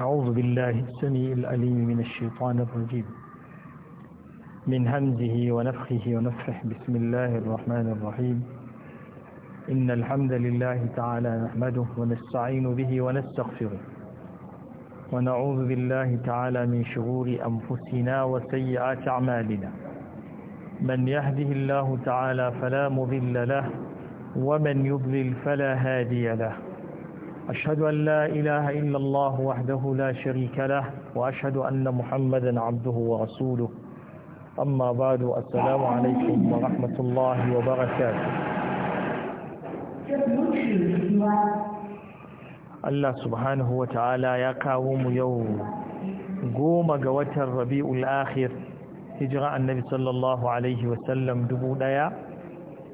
أعوذ بالله السميع العليم من الشيطان الرجيم من همزه ونفخه ونفخه بسم الله الرحمن الرحيم إن الحمد لله تعالى نحمده ونستعين به ونستغفره ونعوذ بالله تعالى من شرور أنفسنا وسيئات أعمالنا من يهده الله تعالى فلا مضل له ومن يضلل فلا هادي له أشهد أن لا إله إلا الله وحده لا شريك له وأشهد أن محمدا عبده ورسوله أما بعد السلام عليكم ورحمة الله وبركاته Allah subhanahu wa ta'ala ya kawo mu yau goma ga watan rabi'ul akhir hijira annabi sallallahu alaihi wasallam dubu ɗaya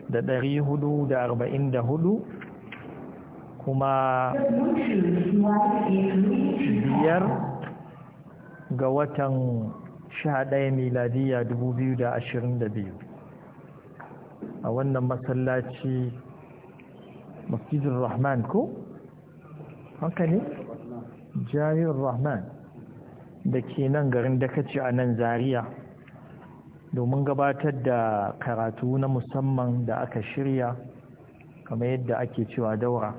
da ɗari hudu da arba'in da hudu kuma biyar ga watan sha ɗaya miladiyya dubu biyu da ashirin da biyu a wannan masallaci masjidin rahman ko? haka ne? jami'in rahman da ke nan garin da kace a nan Zariya, domin gabatar da karatu na musamman da aka shirya kamar yadda ake cewa daura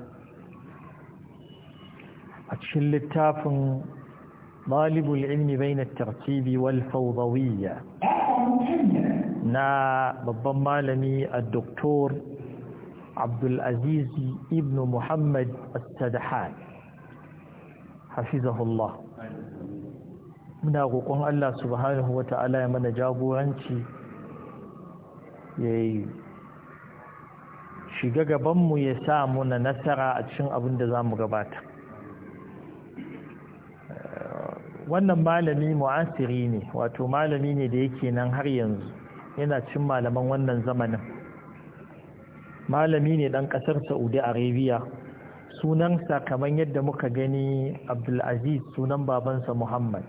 a cikin littafin ɗalibul ilmi bai na tartibi wal fawdawiyya na babban malami a doktor abdulaziz ibn muhammad al hafizahullah muna roƙon Allah subhanahu wa ta'ala ya mana jagoranci ya shiga gabanmu ya sa muna nasara a cikin abin da za mu gabata wannan malami mu'asiri ne wato malami ne da yake nan har yanzu yana cin malaman wannan zamanin malami ne ɗan ƙasar saudi arabia sunansa kamar yadda muka gani abdulaziz sunan babansa muhammad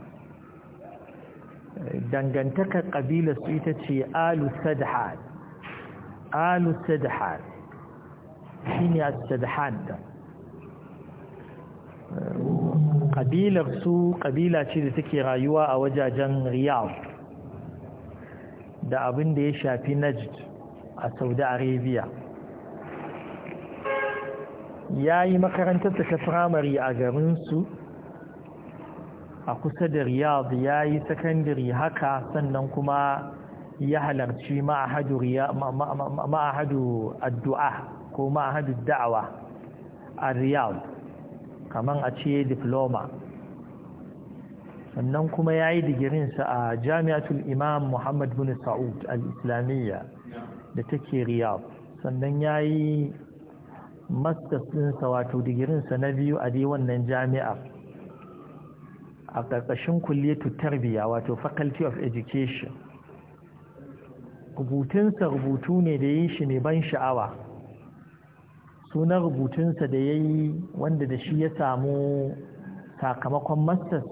dangantakar ƙabilar su ita ce alu sadhan alu shi ne ƙabilar su ƙabila ce da take rayuwa a wajajen riyal da abin da ya shafi najd a saudi arabia ya yi makarantar ta firamare a garin su a kusa da riyadh ya yi sakandare haka sannan kuma ya halarci ma'ahadu addu'a ko ma'ahadu da'awa a riyadh kamar a ce diploma sannan kuma ya yi digirinsa a jami'atul imam muhammad bin sa'ud al-islamiyya da take riyab sannan ya yi masters ɗinsa wato digirinsa na biyu a dai wannan jami'a a ƙarƙashin kulliyatu tarbiyya wato faculty of education rubutunsa rubutu ne da yi shi ne ban sha'awa sunan rubutunsa da ya yi wanda da shi ya samu sakamakon mastas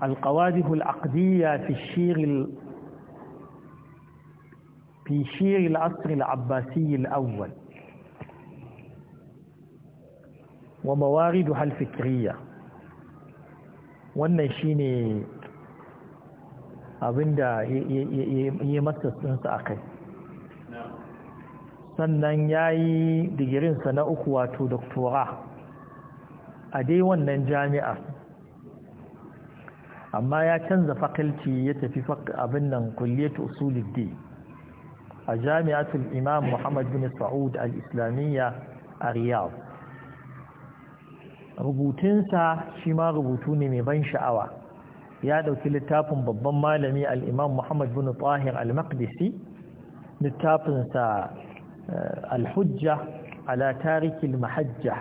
alkawadihul aqdiyya fi shirin asirin shiril awwal wa mawaridu halfikiriya wannan shi ne abinda ya mastas ɗinsa a kai sannan ya yi digirinsa na uku wato doktora a dai wannan jami'a amma ya canza fakalci ya tafi abin nan kulliyatu usuliddi a jami'atul imam muhammad bin sa'ud al-islamiyya a riyadh rubutunsa shi ma rubutu ne mai ban sha'awa ya ɗauki littafin babban malami al-imam muhammad bin tahir al-maqdisi littafinsa الحجة على تارك المحجة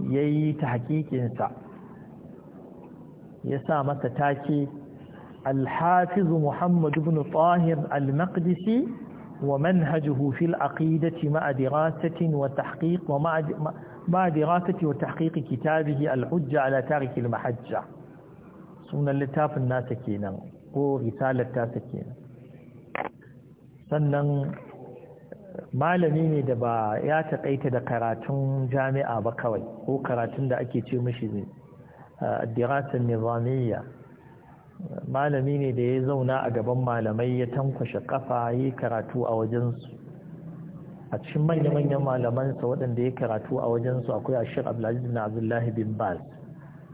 يي تحقيق hakikinsa يسامة تاكي الحافظ محمد بن طاهر المقدسي ومنهجه في العقيدة مع دراسة وتحقيق ومع مع دراسة وتحقيق كتابه الحجة على تارك المحجة سنة لتاف الناس كينا ورسالة تاسكين سنة malami ne da ba ya taƙaita da karatun jami'a ba kawai ko karatun da ake ce mashi ne a diratun nizamiyya malami ne da ya zauna a gaban malamai ya tankwashe kafa ya karatu a wajensu a cikin manya-manyan malamansa waɗanda ya karatu a wajensu akwai ashir abdulaziz bin abdullahi bin baz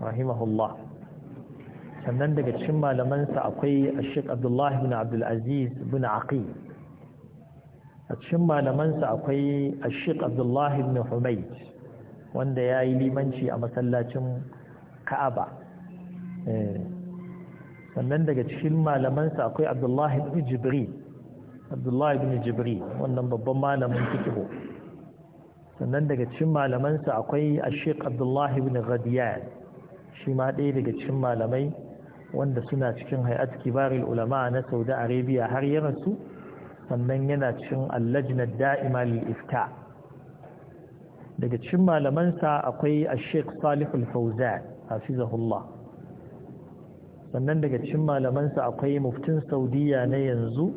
rahimahullah sannan daga cikin malamansa akwai a ashir abdullahi bin abdulaziz bin aqi a cikin malamansa akwai ashiq abdullahi ibn humayd wanda ya yi limanci a masallacin ka'aba eh, sannan daga cikin malamansa akwai abdullahi ibn jibri abdullahi ibn jibri wannan babban malamin fikihu sannan daga cikin malamansa akwai ashiq abdullahi ibn ghadiyan shi ma ɗaya daga cikin malamai wanda suna cikin hay'at kibaril ulama na saudi arabia har ya rasu sannan yana cin allajnar da'ima lil'ifta daga cikin malamansa akwai a sheik salihul fauzan hafizahullah sannan daga cikin malamansa akwai muftin saudiya na yanzu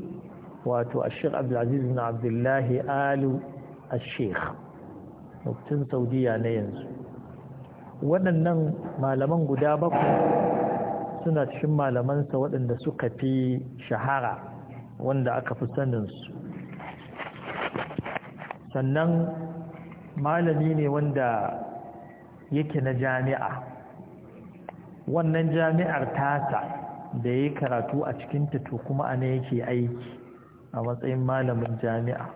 wato a sheik abdulaziz na abdullahi alu a sheik muftin saudiya na yanzu waɗannan malaman guda bakwai suna cikin malamansa waɗanda suka fi shahara wanda aka fi sanin su sannan malami ne wanda yake na jami'a wannan jami'ar tasa da ya karatu a cikin to kuma ana yake aiki a matsayin malamin jami'a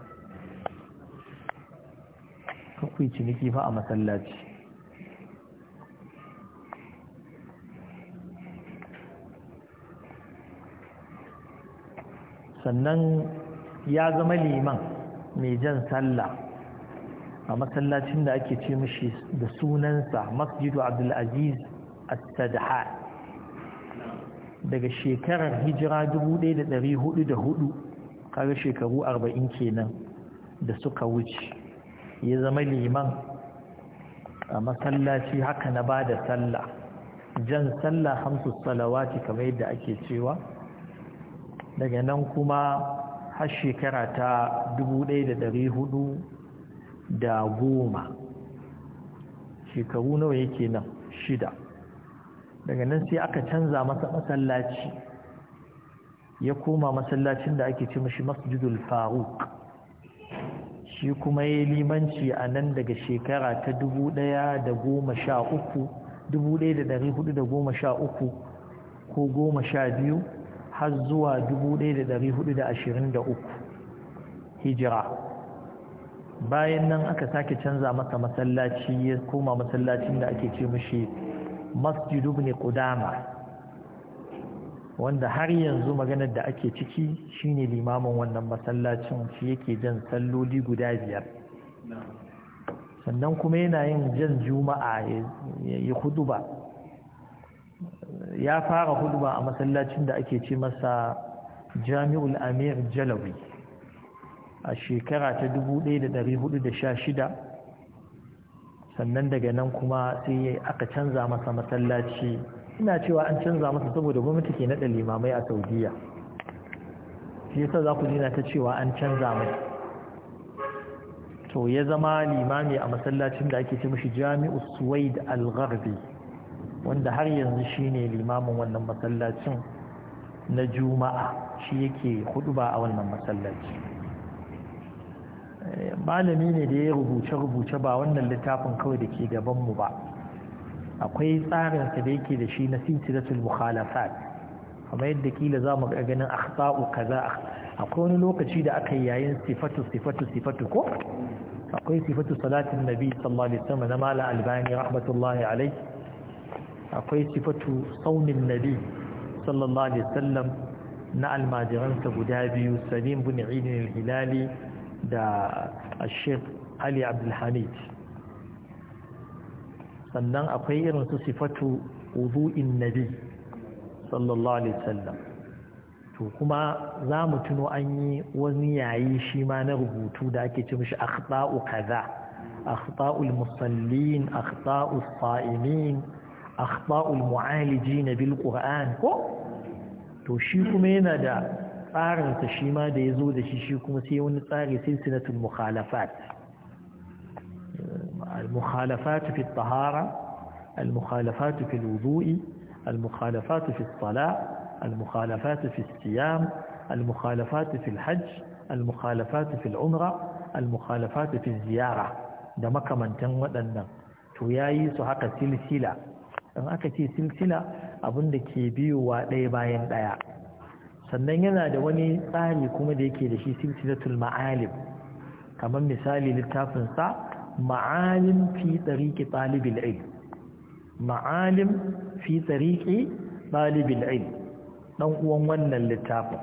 kakwai ciniki fa a masallaci sannan ya zama liman mai jan sallah a masallacin da ake ce mashi da sunansa masjidu abdulaziz al-sadha daga shekarar hijira 1404 kaga shekaru 40 kenan da suka wuce ya zama liman a masallaci haka na ba da sallah jan sallah hamsu salawati kamar yadda ake cewa daga nan kuma har shekara ta goma shekaru nawa yake nan shida daga nan sai aka canza masa masallaci ya koma masallacin da ake ce mashi masjidul faruk shi kuma ya limanci a nan daga shekara ta uku. 1413 ko goma sha biyu? har zuwa 1423 hijira bayan nan aka sake canza masa masallaci ya koma masallacin da ake ce mashi masjidu ne kudama wanda har yanzu maganar da ake ciki shine limamin wannan masallacin shi yake jan salloli guda biyar sannan kuma yana yin jan juma'a ya hudu ba ya fara hudba a masallacin da ake ce masa jami'ul amir jalawi a shekara ta 1416 sannan daga nan kuma sai aka canza masa masallaci ina cewa an canza masa saboda gwamnati ke naɗa limamai a saudiya shi yasa za ku jina ta cewa an canza mai to ya zama limami a masallacin da ake ce mashi jami'ul suwaid al-gharbi wanda har yanzu shine limamin wannan masallacin na juma'a shi yake ba a wannan masallaci eh, malami ne da ya rubuce-rubuce ba wannan littafin kawai da ke gabanmu ba akwai tsarinsa da yake da shi na silsilatul mukhalafat kamar yadda kila za mu ganin akhsa'u kaza akwai wani lokaci da aka yayin sifatu sifatu sifatu ko akwai sifatu salatin nabi sallallahu alaihi wasallam na mala albani rahmatullahi alaihi akwai sifatu saunin nabi sallallahu alaihi wasallam na almajiransa guda biyu salim bin idin hilali da ashir ali abdulhamid sannan akwai irin su sifatu wudu'in nabi sallallahu alaihi wasallam to kuma za mu tuno an yi wani yayi shi ma na rubutu da ake ce mishi akhta'u kaza akhta'ul musallin akhta'us sa'imin أخطاء المعالجين بالقرآن كو توشيكو مينا دا قارة تشيما دا يزود شيشيكو مسيون قارة سلسلة المخالفات المخالفات في الطهارة المخالفات في الوضوء المخالفات في الصلاة المخالفات في الصيام المخالفات في الحج المخالفات في العمرة المخالفات في الزيارة دا مكا من تنوى دا تو ياي سحق سلسلة in aka ce silsila abin da ke biyowa ɗaya bayan ɗaya sannan yana da wani tsari kuma da yake da shi silsilatul ma'alim kamar misali littafin sa ma'alim fi tsariƙi ɗalibin ilm ma'alim fi tsariƙi ɗalibin ilm ɗan uwan wannan littafin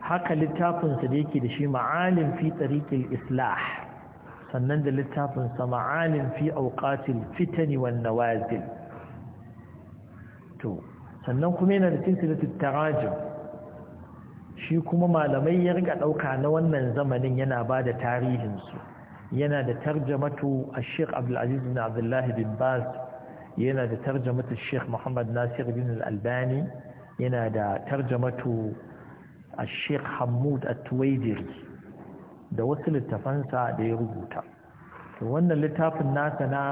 haka littafinsa da yake da shi ma'alim fi tsariƙi islah sannan da littafinsa ma'alim fi auƙatil fitani wan nawazil to sannan kuma yana da silsilatul tarajim shi kuma malamai ya riga dauka na wannan zamanin yana ba da tarihin su yana da tarjamatu ash-Sheikh Abdul Aziz bin Abdullah bin Baz yana da tarjamatu ash-Sheikh Muhammad Nasir bin Al-Albani yana da tarjamatu ash-Sheikh Hammud At-Tuwaidiri da wasu littafansa da ya rubuta wannan littafin nasa na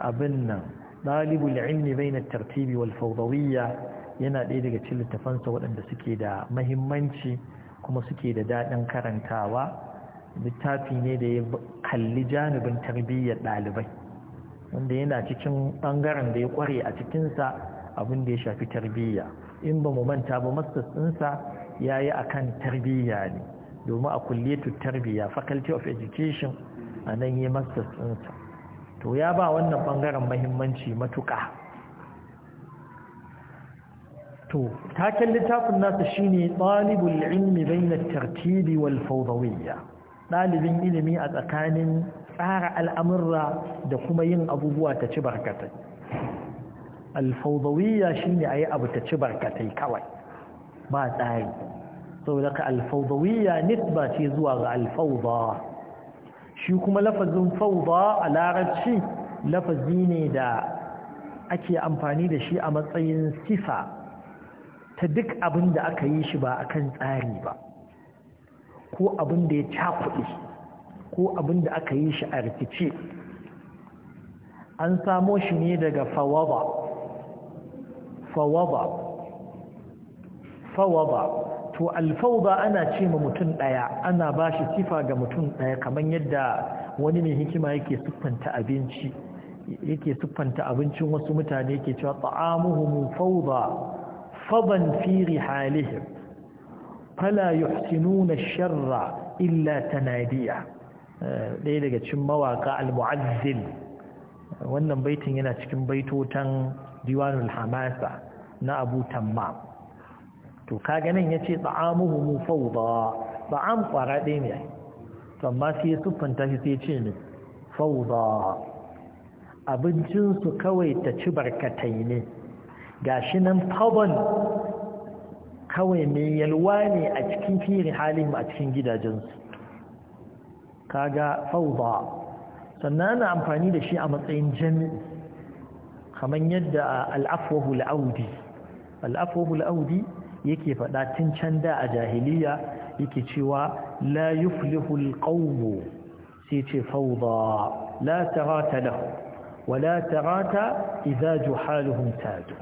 abin nan ɗalibul ilmi na tartibi wal fawdawiyya yana ɗaya daga cikin littafansa waɗanda suke da mahimmanci kuma suke da daɗin karantawa littafi ne da ya kalli janibin tarbiyyar ɗalibai wanda yana cikin ɓangaren da ya ƙware a cikinsa abin da ya shafi tarbiyya in ba mu manta ba masters ɗinsa ya yi a kan tarbiyya ne domin a kulle tarbiyya faculty of education a nan yi masters ɗinsa to ya ba wannan bangaren mahimmanci matuƙa to taken littafin nasa shine ɗalibul ilmi bayna tartibi wal fawdawiyya ɗalibin ilimi a tsakanin tsara al'amurra da kuma yin abubuwa ta ci barkatai alfawdawiyya shine ayi abu ta ci barkatai kawai ba tsari saboda ka alfawdawiyya nisba ce zuwa ga alfawda shi kuma lafazin fauda a larabci lafazi ne da ake amfani da shi a matsayin sifa ta duk abin da aka yi shi ba a kan tsari ba ko abin da ya cakuɗe ko abin da aka yi shi a rikice an samo shi ne daga fawaba fawaba fawaba to alfauda ana ce ma mutum ɗaya ana ba shi sifa ga mutum ɗaya kamar yadda wani mai hikima yake siffanta abinci yake siffanta abincin wasu mutane yake cewa ta'amuhum fawda faban fi rihalihim fala yuhsinuna sharra illa tanadiya ɗaya daga cikin mawaka al-mu'azzil wannan baitin yana cikin baitotan diwanul hamasa na Abu Tammam to kaga nan yace ta'amuhu mufawda ta'am kwara ɗaya ne to amma sai ya siffanta shi sai ce ne fawda abincin su kawai ta ci barkatai ne shi nan fabon kawai mai yalwa ne a cikin firin halin a cikin gidajensu kaga fawda sannan ana amfani da shi a matsayin jami'i kamar yadda al'afwahu al'audi al'afwahu al'audi yake faɗa tun can da a jahiliya yake cewa la yuflihu alqawm sai ce fawda la tarata lahu wa la tarata idza juhaluhum tadu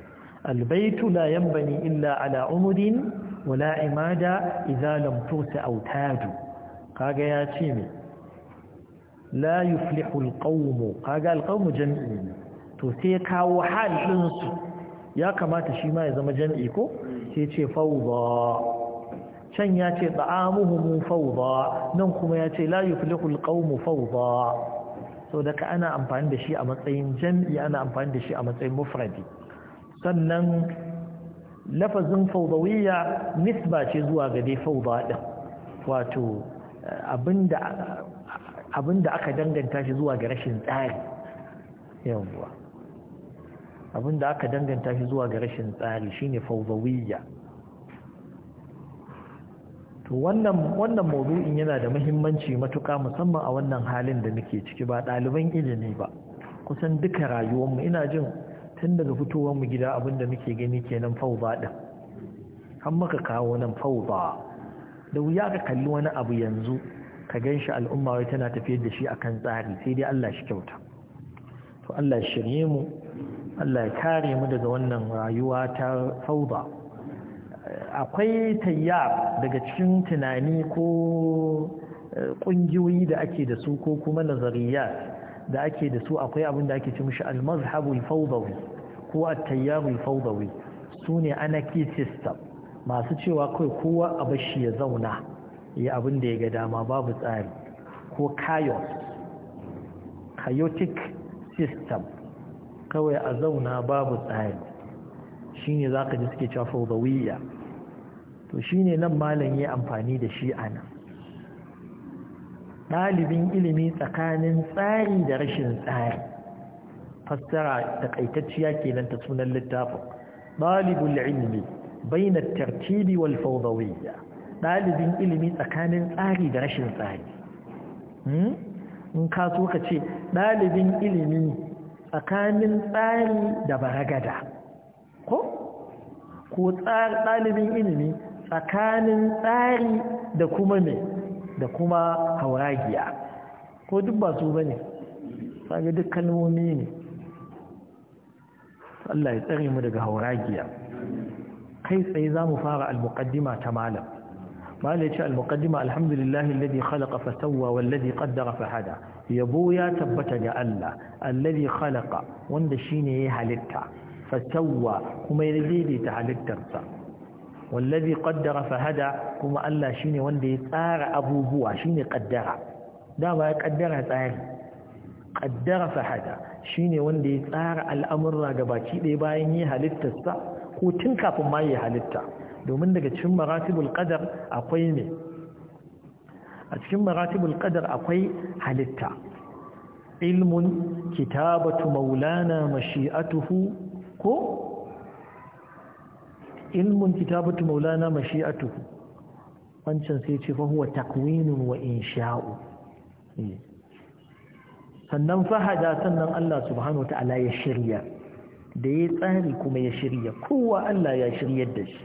البيت لا ينبني إلا على عمد ولا عمادة إذا لم ترس أوتاد قاقا يا تيمي لا يفلح القوم to sai kawo تسيكا وحال su. ya kamata shi ma ya zama jami'i ko sai ce fauba can ya ce ta'amuhum fawda nan kuma ya ce layu filikul yuflihul qawmu sau da daga ana amfani da shi a matsayin jami'i ana amfani da shi a matsayin mufradi sannan lafazin fawdawiyya nisba ce zuwa ga dai fawda ɗin wato abinda aka danganta shi zuwa ga rashin tsari yawon abin da aka danganta shi zuwa ga rashin tsari shine fawzawiyya to wannan wannan mawdu'in yana da muhimmanci matuƙa musamman a wannan halin da muke ciki ba ɗaliban ilimi ba kusan duka rayuwar mu ina jin tun daga fitowarmu gida abin muke gani kenan fauza din an maka kawo nan fauza da wuya ka kalli wani abu yanzu ka gan shi al'umma wai tana tafiyar da shi akan tsari sai dai Allah shi kyauta to Allah ya shirye mu Allah ya kare mu daga wannan rayuwa ta fauda akwai tayyar daga cikin tunani ko eh, ƙungiyoyi da ake da su ko kuma nazariya da ake da su akwai abin da ake ci mishi al fawdawi ko at-tayyarul fawdawi sune anarchy system masu cewa kai kowa a bashi ya zauna ya abin da ya ga dama babu tsari ko chaos chaotic system kawai a zauna babu tsari shine ka ji suke da fawdawiyya to shine nan malam yayi amfani da shi ana ɗalibin ilimi tsakanin tsari da rashin tsari fassara takaitacciya kenan ta sunan littafin ɗalibin ilmi bai na tartibi wal fawdawiyya ɗalibin ilimi tsakanin tsari da rashin tsari hmm? in ka so ka ce ɗalibin ilimi tsakanin tsari da baragada ko ko ɗalibin ilimi tsakanin tsari da kuma ne da kuma hauragiya ko duk ba su bane sage duk kalmomi ne Allah ya tsare mu daga hauragiya kai tsaye za mu fara al-muqaddima ta malam ma ne ce al-muqaddima alhamdulillah alladhi khalaqa fa sawwa walladhi qaddara fa yabo ya tabbata ga Allah alladhi khalaqa wanda shine yayi halitta fa kuma yayi daidaita halittarsa walladhi qaddara kuma Allah shine wanda ya tsara abubuwa shine qaddara dama ya qaddara tsari qaddara fa hada shine wanda ya tsara al'amurra al'amura gabaki ɗaya bayan yayi halittarsa ko tun kafin ma yayi halitta domin daga cikin maratibul qadar akwai ne a cikin maratibul qadar akwai halitta ilmun kitabatu maulana mashi'atuhu ko ilmun kitabatu maulana mashi'atuhu wancan sai ce fa huwa takwinun wa insha'u eh. sannan fahada sannan Allah subhanahu wa ta'ala ya shirya da ya tsari kuma ya shirya kowa Allah ya shiryar da shi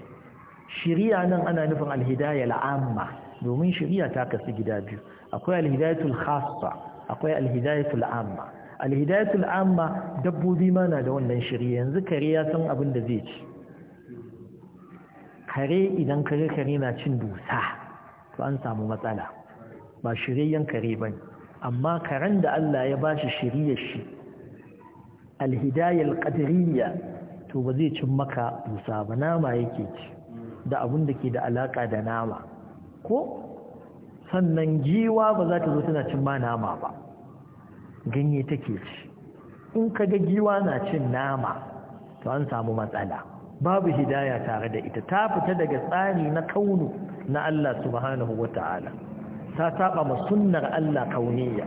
shiriya nan ana nufin alhidaya la'amma domin shiriya ta kasu gida biyu akwai alhidayatul khassa akwai alhidayatul amma alhidayatul amma dabbobi ma na da wannan shiriya yanzu kare ya san abin da zai ci kare idan kare kare na cin dusa to an samu matsala ba shiriyyan kare bane amma karen da Allah ya shi shiriyar shi alhidayal qadriyya to ba zai cin maka dusa ba nama yake ci da abun da ke da alaƙa da nama ko sannan giwa ba za ta zo tana cin ma nama ba ganye take ci in ka ga giwa na cin nama to an samu matsala babu hidaya tare da ita ta fita daga tsari na kaunu na Allah subhanahu wata'ala ta saba ma sunnar Allah kauniya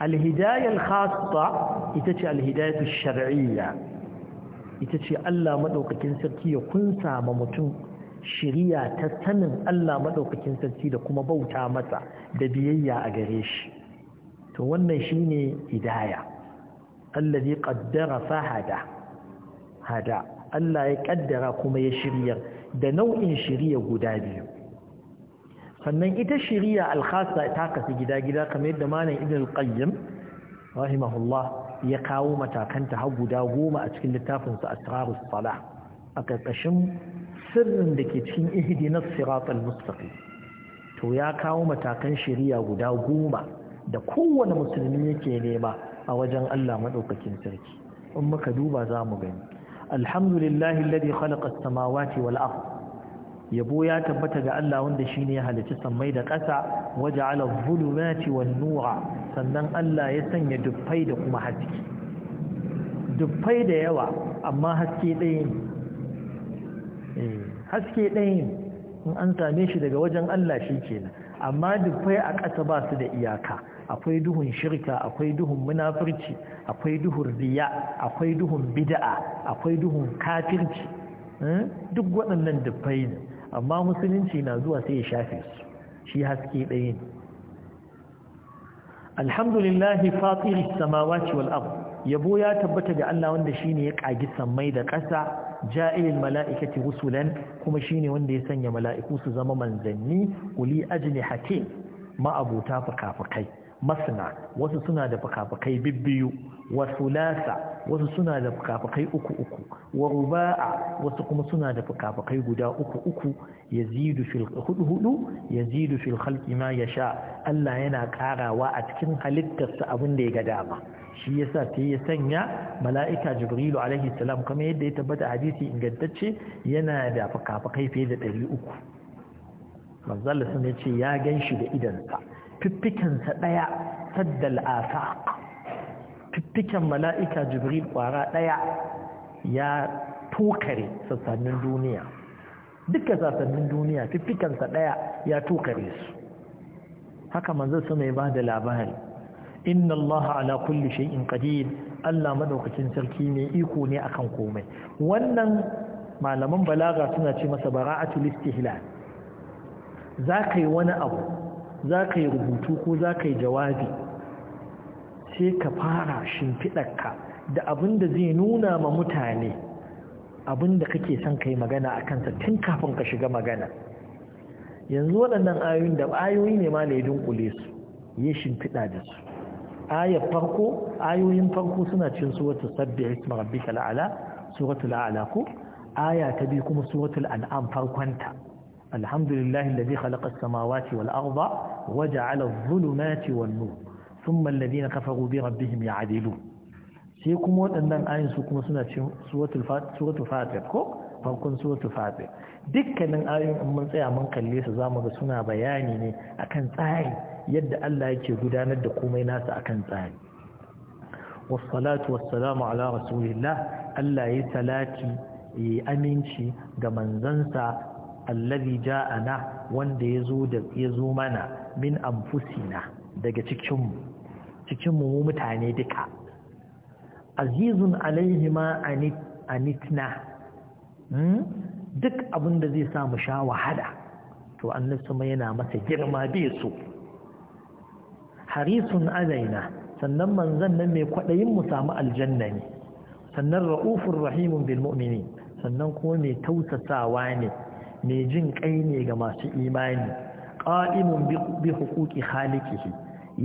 alhidayar khassa ita ce alhidayatu shar'iyya ita ce Allah maɗaukakin sarki ya kunsa ma mutum shiriya ta sanin Allah maɗaukakin sarki da kuma bauta masa da biyayya a gare shi to wannan shine hidaya allazi qaddara fahada hada Allah ya kaddara kuma ya shiryar da nau'in shiriya guda biyu sannan ita shiriya alkhasa ta kasu gida-gida kamar yadda malam ibn al-qayyim rahimahullah ya kawo matakanta har guda goma a cikin littafinsa asrarus salah a ƙarƙashin sirrin da ke cikin na siratal mustaqim to ya kawo matakan shari'a guda goma da kowane musulmi yake nema a wajen Allah madaukakin sarki in muka duba za mu gani alhamdulillahi alladhi khalaqa as-samawati wal ardh yabo ya tabbata ga Allah wanda shi ne ya halicci sammai da ƙasa waje ala zulumati wan-nura sannan Allah ya sanya dufai da kuma haske dufai da yawa amma haske ɗaya ne eh, haske ɗaya in an same shi daga wajen Allah shi kenan amma dufai a ƙasa ba su da iyaka akwai duhun shirka akwai duhun munafurci akwai duhun riya akwai duhun bid'a akwai duhun kafirci eh, duk waɗannan dufai ne amma musulunci na zuwa sai ya shafe su shi haske ɗaya ne alhamdulillahi fatiris samawati wal ard yabo ya tabbata ga Allah wanda shine ya kagi sammai da ƙasa ja'ilil mala'ikati rusulan kuma shine wanda ya sanya mala'iku su zama manzanni uli ajnihatin ma abota fuka masana wasu suna da fakafakai bibbiyu wasu lasa wasu suna da fukafukai uku uku wa ruba'a wasu kuma suna da fukafukai guda uku uku yazidu fil hudu hudu yazidu fil khalqi ma yasha Allah yana karawa a cikin halittarsa abin da ya ga dama shi yasa sai ya sanya mala'ika jibrilu alaihi salam kamar yadda ya tabbata hadisi ingantacce yana da fakafakai fiye da 300 manzo Allah sun ce ya ganshi da sa. fiffikensa ɗaya saddal afaq fiffiken mala'ika jibril ƙwara ɗaya ya tukare sassanin duniya duka sassanin duniya fiffikansa ɗaya ya tukare su haka manzo su mai ba da labari inna allaha ala kulli shay'in qadir Allah madaukakin sarki ne iko ne akan komai wannan malaman balaga suna ce masa bara'atul istihlal yi wani abu za ka yi rubutu ko za ka yi jawabi sai ka fara shimfiɗarka da abin da zai nuna ma mutane abin da kake son ka yi magana a kansa tun kafin ka shiga magana yanzu waɗannan ayoyin da ayoyi ne ma na ya dunkule su ya shimfiɗa da su ayar farko ayoyin farko suna cin suratul sabbi isma rabbika la'ala suratul a'la ko aya ta biyu kuma suratul al'am farkonta الحمد لله الذي خلق السماوات والأرض وجعل الظلمات والنور ثم الذين كفروا بربهم يعدلون waɗannan وأنهم آين سيكم سنة سورة الفاتح ko farkon suratul fatih dukkanin ayoyin in mun tsaya mun kalle su zamu ga suna bayani ne akan tsari yadda Allah yake gudanar da komai nasa akan tsari wassalatu wassalamu ala rasulillah Allah ya salati yi aminci ga manzansa allazi ja'ana wanda yazo da yazo mana min anfusina daga cikin mu cikin mu mutane duka azizun alaihi ma anit anitna hmm? duk abin da zai sa mu sha wahala to annabi sama yana masa girma bai so harisun alaina sannan manzon nan mai kwadayin mu samu aljanna ne sannan ra'ufur rahimun bil mu'minin sannan kuma mai tausasawa ne mai jin kai ne ga masu imani qa'imun bi hukuki khaliqihi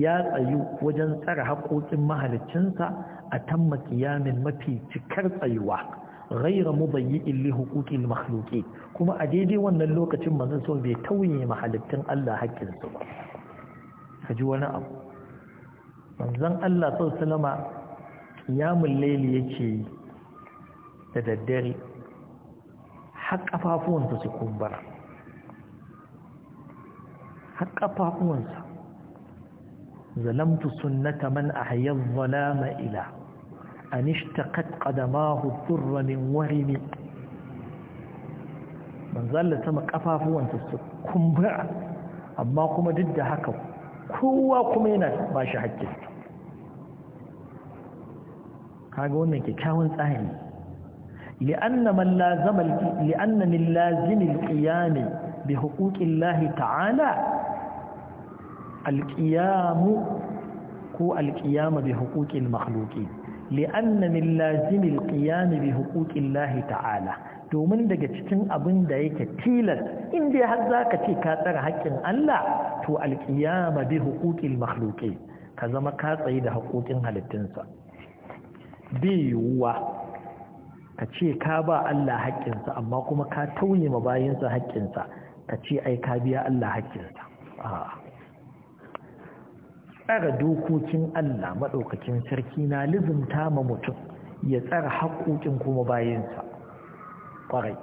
ya tsayu wajen tsara haƙoƙin mahaliccinsa a tamma qiyamin mafi cikar tsayuwa ghayra mudayyi'in li huquqil makhluqi kuma a daidai wannan lokacin manzon so bai tauye mahalittin Allah su. ba kaji wani abu manzon Allah sallallahu alaihi wasallama qiyamul layli yake yi da daddare har ƙafafuwansa su kumbura har ƙafafuwansa zalamtu sunnata man ahyaz zalama ila an ishtaqat qadamahu dhurra min wahrimi man sama ƙafafuwansa su kumbura amma kuma duk da haka kowa kuma yana ba shi haƙƙinsa kaga wannan kyakkyawan tsari لأن من لازم لأن من لازم القيام بحقوق الله تعالى القيام هو القيام بحقوق المخلوقين لأن من لازم القيام بحقوق الله تعالى domin daga cikin abin da yake tilas in dai har za ka ce ka tsara haƙƙin Allah to alƙiyama bi huquqil makhluqi ka zama ka tsaye da haƙoƙin halittunsa bai yiwuwa ka ce ka ba Allah haƙƙinsa amma kuma ka tauye ma bayansa haƙƙinsa ka ce ai ka biya Allah haƙƙinsa tsara dokokin Allah maɗaukakin sarki na ta ma mutum ya tsara haƙoƙin kuma bayansa ƙwarai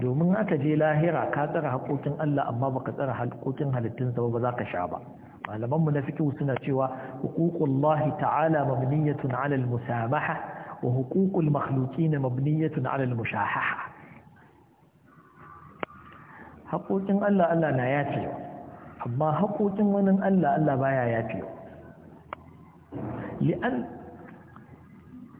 domin aka je lahira ka tsara haƙoƙin Allah amma baka tsara haƙoƙin halittunsa ba ba za ka sha ba malaman mu na fiqh suna cewa huququllahi ta'ala mabniyatun 'ala al-musamaha wa huququl makhluqin mabniyatun 'ala al-mushahaha haƙoƙin Allah Allah na ya yafe amma haƙoƙin wani Allah Allah baya yafe li'an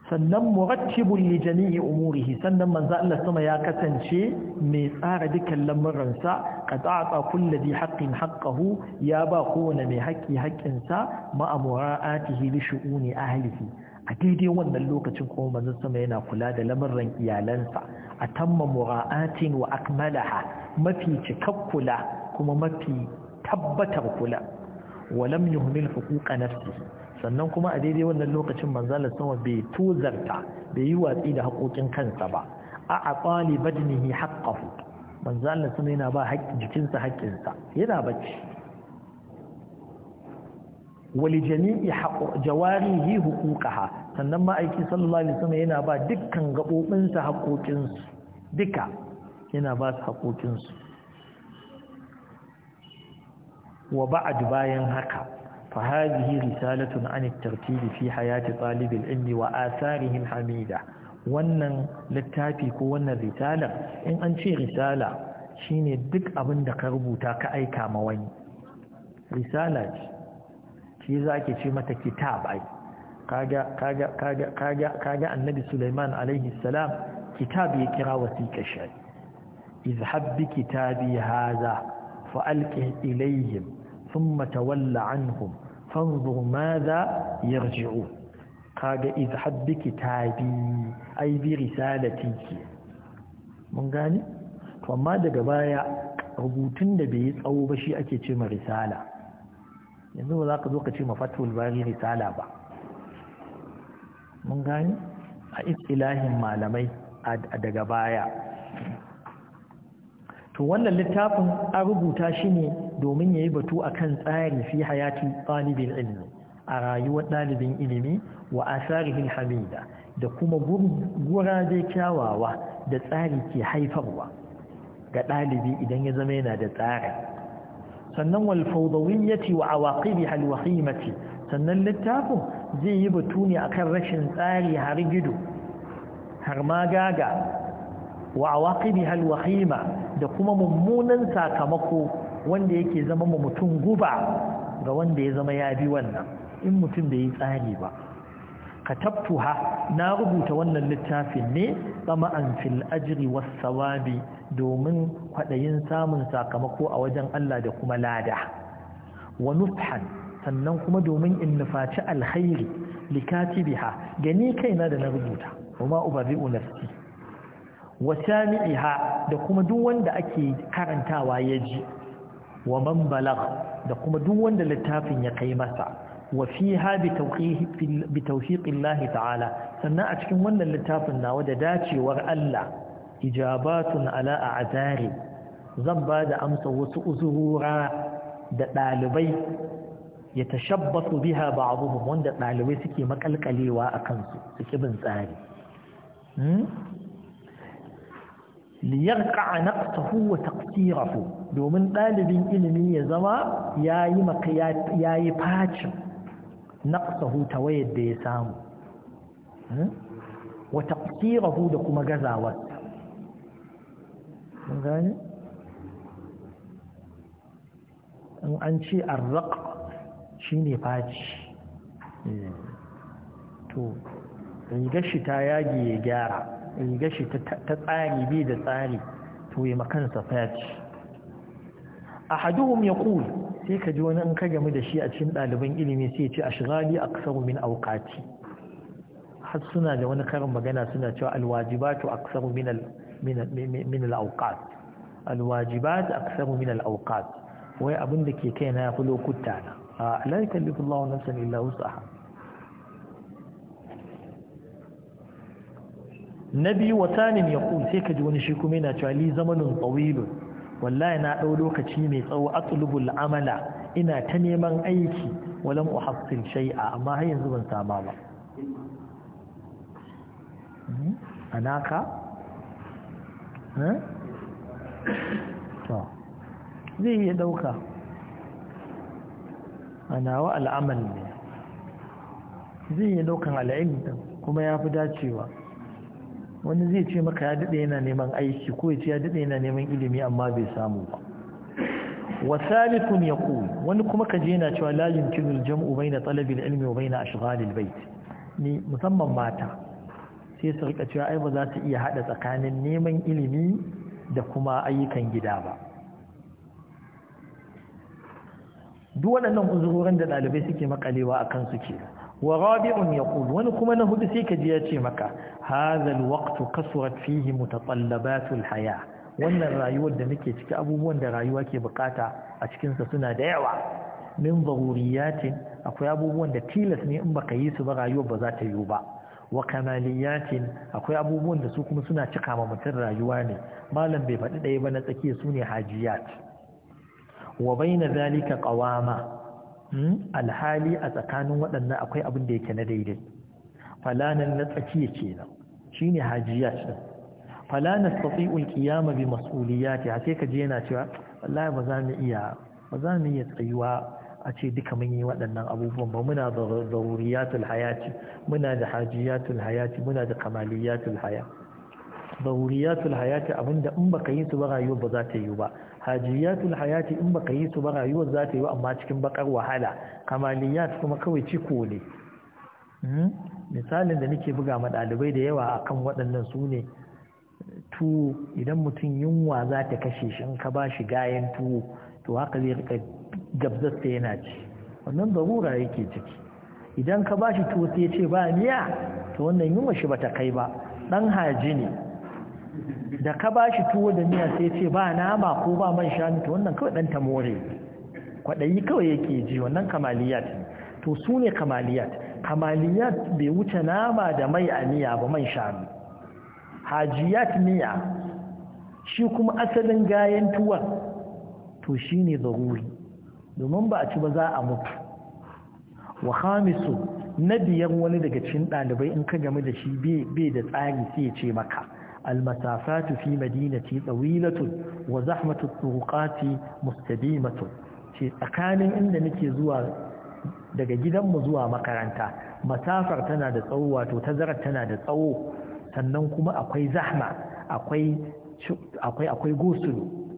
sannan murattibul li jami'i umurihi sannan manzo Allah sama ya kasance mai tsara dukkan lamuransa qata'ata kulli di haqqin haqqahu ya ba kowane mai haƙƙi haƙƙinsa sa mura'atihi li shu'uni ahlihi a daidai wannan lokacin kuma manzo sama yana kula da lamuran iyalansa atamma mura'atin wa akmalaha mafi cikakkula kuma mafi tabbatar kula walam yuhmil huquqa nafsihi sannan kuma a daidai wannan lokacin manzalar sama bai tozarta bai yi watsi da haƙoƙin kansa ba a a ƙwali badinihi haƙƙafu manzalar sama yana ba jikinsa haƙƙinsa yana bacci wali jami'i hukuka ha sannan ma'aiki sallallahu alaihi wasallam yana ba dukkan gaɓoɓinsa haƙoƙinsu duka yana ba su haƙoƙinsu wa ba'ad bayan haka فهذه رسالة عن الترتيب في حياة طالب العلم وآثارهم حميدة wannan littafi ko wannan risalar in an ce risala shine duk abin da ka rubuta ka aika ma wani risala ce shi zake ce mata kitab ai kaga kaga kaga kaga kaga annabi Sulaiman alaihi salam kitab ya kira wasiqa shi izhab bi kitabi hadha fa alqih ilayhim thumma tawalla anhum فانظر ماذا يرجعون قال إذ حد بكتابي أي برسالتك من قال daga baya rubutun da bai yi tsawo ba shi ake ce ma risala yanzu ba za ka zo ka ce ma fatul bari risala ba mun gani a istilahin malamai daga baya to wannan littafin an rubuta shi ne domin ya yi batu a kan tsari fi hayati ɗalibin ilmi a rayuwar ɗalibin ilimi wa asarihin hamida da kuma gurabe kyawawa da tsari ke haifarwa ga ɗalibi idan ya zama yana da tsari sannan walfaudawiyyati wa awaqibi halwahimati sannan littafin zai yi batu ne akan rashin tsari har gido har magaga gaga wa awaqibi halwahima da kuma mummunan sakamako wanda yake zama ma mutum guba ga wanda ya zama ya bi wannan in mutum bai yi tsari ba katabtuha na rubuta wannan littafin ne tsama'an fil ajri was sawabi domin kwadayin samun sakamako a wajen Allah da kuma lada wa nuthan sannan kuma domin in nufaci alkhairi likatibiha gani kaina da na rubuta kuma ubabi'u nafsi wa sami'iha da kuma duk wanda ake karantawa ya ji wa man da kuma duk wanda littafin ya kai masa wa fiha bi tawfiqillahi ta'ala sannan a cikin wannan littafin nawa da dacewar Allah ijabatun ala a'zari zan ba da amsa wasu uzurura da ɗalibai ya tashabbatu biha ba'dhum wanda ɗalibai suke makalkalewa a kansu suke bin tsari hmm? liyarqa naqtahu wa taqsirahu domin ɗalibin ilimi ya zama ya yi maka ya yi facin naqsahu da ya samu hmm? wa taqsirahu da kuma gazawar in an ce shi ne faci to shi ta yage ya gyara riga shi ta tsari bi da tsari to yi makansa faci a ahaduhum yaqul sai ka ji wani in ka gamu da shi a cikin ɗaliban ilimi sai ya ce ashghali aksaru min awqati har suna da wani karin magana suna cewa alwajibatu a min al min al awqat alwajibat aksaru min al wai abin da ke na ya fi lokuta na a la yukallifu sani nafsan illa wus'aha nabi watanin yaqul sai ka ji wani shi kuma yana cewa li zamanin tsawilun. wallahi na ɗau lokaci mai tsawo atlubul amala ina ta neman aiki walan uhassil shay'a amma har yanzu ban sama ba hmm? anaka hmm? to zai iya ɗauka anawa al'amal ne zai iya ɗaukan al'ilm kuma ya fi dacewa wani zai ce maka ya daɗe yana neman aiki ko ya ce ya daɗe yana neman ilimi amma bai samu ba salikun ya wani kuma ka je yana cewa layin kinul jam'u bai na talabin ilmi wa bai na bait ni musamman mata sai su rika cewa ai ba za su iya haɗa tsakanin neman ilimi da kuma ayyukan gida ba duk waɗannan uzurorin da ɗalibai suke makalewa a kansu kenan wa rabi'un yaqul wani kuma na hudu sai kaji ya ce maka hadha alwaqtu kasurat fihi mutatallabatul haya wannan rayuwar da muke ciki abubuwan da rayuwa ke bukata a cikin sa suna da yawa min daruriyatin akwai abubuwan da tilas ne in baka yi su ba rayuwar ba za ta yiwu ba wa kamaliyatin akwai abubuwan da su kuma suna cika ma mutum rayuwa ne malam bai faɗi ɗaya ba na tsakiya su ne hajiyat wa bayna zalika qawama Hmm? alhali a tsakanin waɗannan akwai abin da yake na daidai falanan na tsakiya kenan shine hajiya ce falanan tsafi'ul qiyama bi mas'uliyati sai ka je yana cewa wallahi ba za mu iya ba za mu iya tsayuwa a ce duka mun yi waɗannan abubuwan ba muna da zaruriyatul hayati muna da hajiyatul hayati muna da kamaliyatul hayati dawuriyatul hayati abinda in baka yi su ba rayuwar ba za ta yi ba hajiyatul hayati in baka yi su ba rayuwar za ta yi amma cikin bakar wahala kamaliyat kuma kawai ciko ne misalin da nake buga ma ɗalibai da yawa akan waɗannan su ne tuwo idan mutum yunwa za ta kashe shi in ka ba shi gayan tuwo to haka zai rika gabzasta yana ci wannan zarura yake ciki idan ka ba shi tuwo sai ce ba miya to wannan yunwa shi ba ta kai ba Dan haji ne da ka ba shi tuwo da miya sai ce ba nama ko ba man shanu to wannan kawai ɗan more. kwaɗayi kawai yake ji wannan kamaliyat to su ne kamaliyat kamaliyat bai wuce nama da mai a miya ba man shanu hajiyat miya shi kuma asalin gayan tuwon to shi ne zaruri domin ba a ci ba za a mutu wa khamisu na biyan wani daga cikin ɗalibai in ka game da shi bai da tsari sai ya ce maka المسافات في مدينتي طويلة وزحمة الطرقات مستديمة أكان إن نكي زوا daga gidanmu zuwa makaranta masafar tana da tsawo wato tazarar tana da tsawo sannan kuma akwai zahma akwai akwai akwai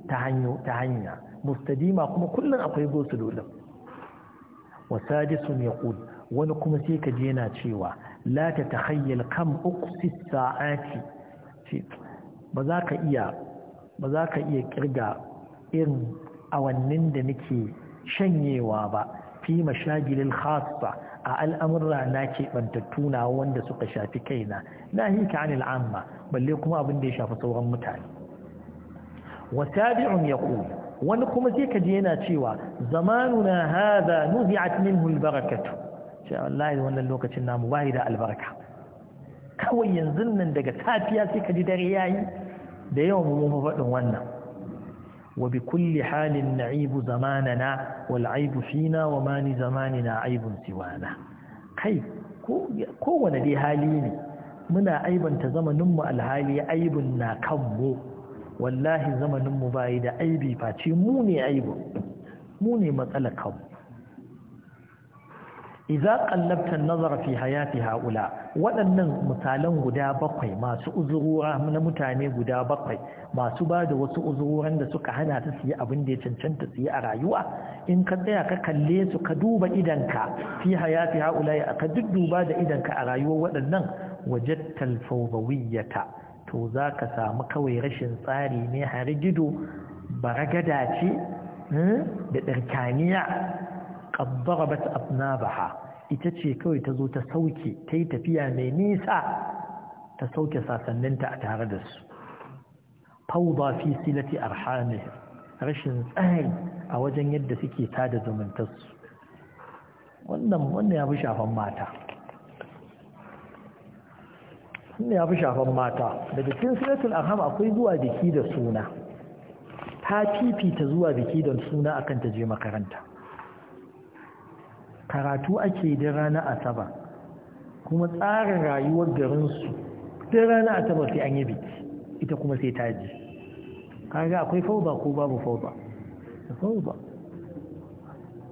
ta hanyo ta hanya mustadima kuma kullum akwai gosulu din wasadisun yaqul wani kuma sai ka je yana cewa la tatakhayyal kam uqsi sa'ati ce ba za ka iya ba za ka iya kirga irin awannin da nake shanyewa ba fi mashagilil ba a al'amurra na keɓantattuna wanda suka shafi kaina na hika anil amma balle kuma abin da ya shafi sauran mutane wasabi'un ya wani kuma sai ka yana cewa zamanuna hadha nuzi'at minhu hulbarakatu sai wallahi wannan lokacin namu bai da albarka kawai yanzu nan daga safiya sai ka ji dare yayi da yawan mu mu faɗin wannan wa bi kulli halin na'ibu zamanana wal aibu fina wa ma ni zamanina aibun siwana kai kowane dai hali ne muna aibanta zamaninmu alhali aibun na kanmu wallahi zamaninmu bayi da aibi face mu ne aibun, mu ne matsala kanmu idza qallabta an-nazara fi hayati haula waɗannan misalan guda bakwai masu uzurura na mutane guda bakwai masu ba da wasu uzururan da suka hana ta siya abin da ya cancanta yi a rayuwa in ka tsaya ka kalle su ka duba idanka fi hayati haulaya ka dudduba da idanka a rayuwar waɗannan wajattal fawdawiyyata to za ka samu kawai rashin tsari ne harigido baragada ce hmm, da ɗarkaniya ƙaddarabat baha. ita ce kawai ta zo ta sauke ta yi tafiya mai nisa ta sauke sasanninta a tare da su fauda fi silati arhamih rashin tsari a wajen yadda suke tada zumuntarsu wannan wannan ya fi shafan mata wannan ya fi shafan mata daga cikin silatin arham akwai zuwa biki da suna ta fifita zuwa biki da suna akan ta je makaranta karatu ake da rana asaba kuma tsarin rayuwar garinsu da rana asaba sai an yi biki ita kuma sai ta ji kaga akwai fauba ko babu fauda fauba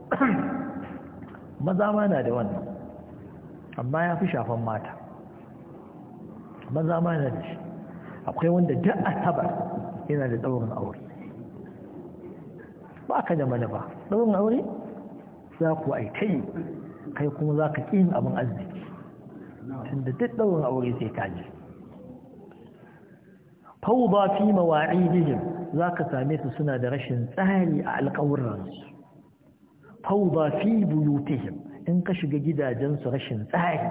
maza ma na da wannan amma ya fi shafan mata maza ma na da shi akwai wanda da asaba yana da tsawon aure ba ka da ba tsawon aure za ku ai kai kai kuma za ka ƙin abin arziki tunda duk ɗaurin aure sai ka ji fauda fi mawa'idihim za ka same su suna da rashin tsari a alƙawurransu fauda fi buyutihim in ka shiga gidajensu rashin tsari